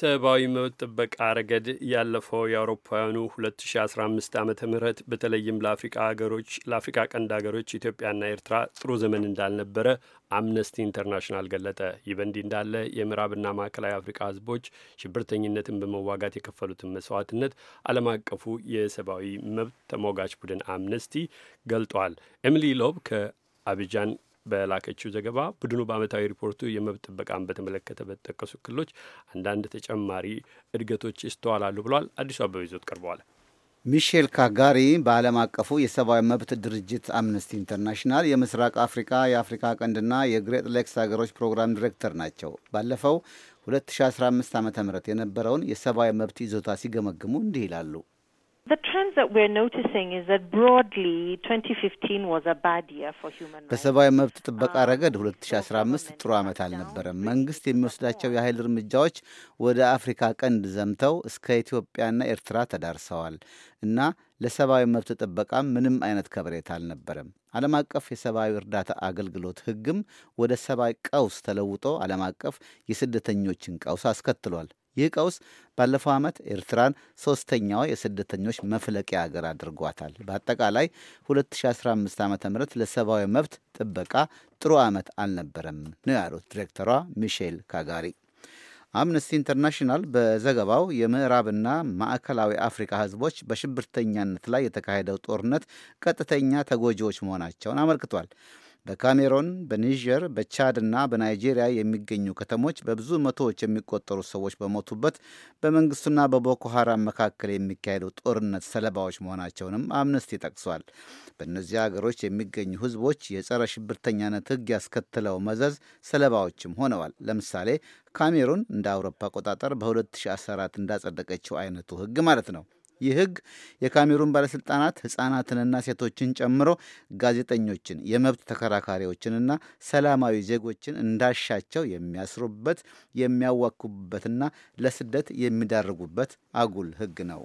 ሰብአዊ መብት ጥበቃ ረገድ ያለፈው የአውሮፓውያኑ 2015 ዓ ም በተለይም ለአፍሪቃ ሀገሮች ለአፍሪቃ ቀንድ ሀገሮች ኢትዮጵያና ኤርትራ ጥሩ ዘመን እንዳልነበረ አምነስቲ ኢንተርናሽናል ገለጠ። ይህ በእንዲህ እንዳለ የምዕራብና ማዕከላዊ አፍሪቃ ህዝቦች ሽብርተኝነትን በመዋጋት የከፈሉትን መስዋዕትነት ዓለም አቀፉ የሰብአዊ መብት ተሟጋች ቡድን አምነስቲ ገልጧል። ኤሚሊ ሎብ ከአብጃን በላከችው ዘገባ ቡድኑ በዓመታዊ ሪፖርቱ የመብት ጥበቃን በተመለከተ በተጠቀሱ ክልሎች አንዳንድ ተጨማሪ እድገቶች ይስተዋላሉ ብሏል። አዲሱ አበበ ይዞት ቀርበዋል። ሚሼል ካጋሪ በዓለም አቀፉ የሰብአዊ መብት ድርጅት አምነስቲ ኢንተርናሽናል የምስራቅ አፍሪካ የአፍሪካ ቀንድና የግሬት ሌክስ ሀገሮች ፕሮግራም ዲሬክተር ናቸው። ባለፈው 2015 ዓ ም የነበረውን የሰብአዊ መብት ይዞታ ሲገመግሙ እንዲህ ይላሉ። በሰብአዊ መብት ጥበቃ uh, ረገድ 2015 ጥሩ ዓመት አልነበረም። መንግሥት የሚወስዳቸው የኃይል እርምጃዎች ወደ አፍሪካ ቀንድ ዘምተው እስከ ኢትዮጵያና ኤርትራ ተዳርሰዋል እና ለሰብአዊ መብት ጥበቃም ምንም አይነት ከበሬታ አልነበረም። ዓለም አቀፍ የሰብአዊ እርዳታ አገልግሎት ህግም ወደ ሰብአዊ ቀውስ ተለውጦ ዓለም አቀፍ የስደተኞችን ቀውስ አስከትሏል። ይህ ቀውስ ባለፈው ዓመት ኤርትራን ሶስተኛዋ የስደተኞች መፍለቂያ አገር አድርጓታል። በአጠቃላይ 2015 ዓ ም ለሰብአዊ መብት ጥበቃ ጥሩ ዓመት አልነበረም ነው ያሉት ዲሬክተሯ ሚሼል ካጋሪ። አምነስቲ ኢንተርናሽናል በዘገባው የምዕራብና ማዕከላዊ አፍሪካ ህዝቦች በሽብርተኛነት ላይ የተካሄደው ጦርነት ቀጥተኛ ተጎጂዎች መሆናቸውን አመልክቷል። በካሜሮን በኒጀር በቻድ እና በናይጄሪያ የሚገኙ ከተሞች በብዙ መቶዎች የሚቆጠሩ ሰዎች በሞቱበት በመንግስቱና በቦኮ ሀራም መካከል የሚካሄደው ጦርነት ሰለባዎች መሆናቸውንም አምነስቲ ጠቅሷል። በእነዚያ ሀገሮች የሚገኙ ህዝቦች የጸረ ሽብርተኛነት ህግ ያስከትለው መዘዝ ሰለባዎችም ሆነዋል። ለምሳሌ ካሜሩን እንደ አውሮፓ አቆጣጠር በ2014 እንዳጸደቀችው አይነቱ ህግ ማለት ነው። ይህ ህግ የካሜሩን ባለሥልጣናት ሕፃናትንና ሴቶችን ጨምሮ ጋዜጠኞችን፣ የመብት ተከራካሪዎችንና ሰላማዊ ዜጎችን እንዳሻቸው የሚያስሩበት የሚያዋኩበትና ለስደት የሚዳርጉበት አጉል ህግ ነው።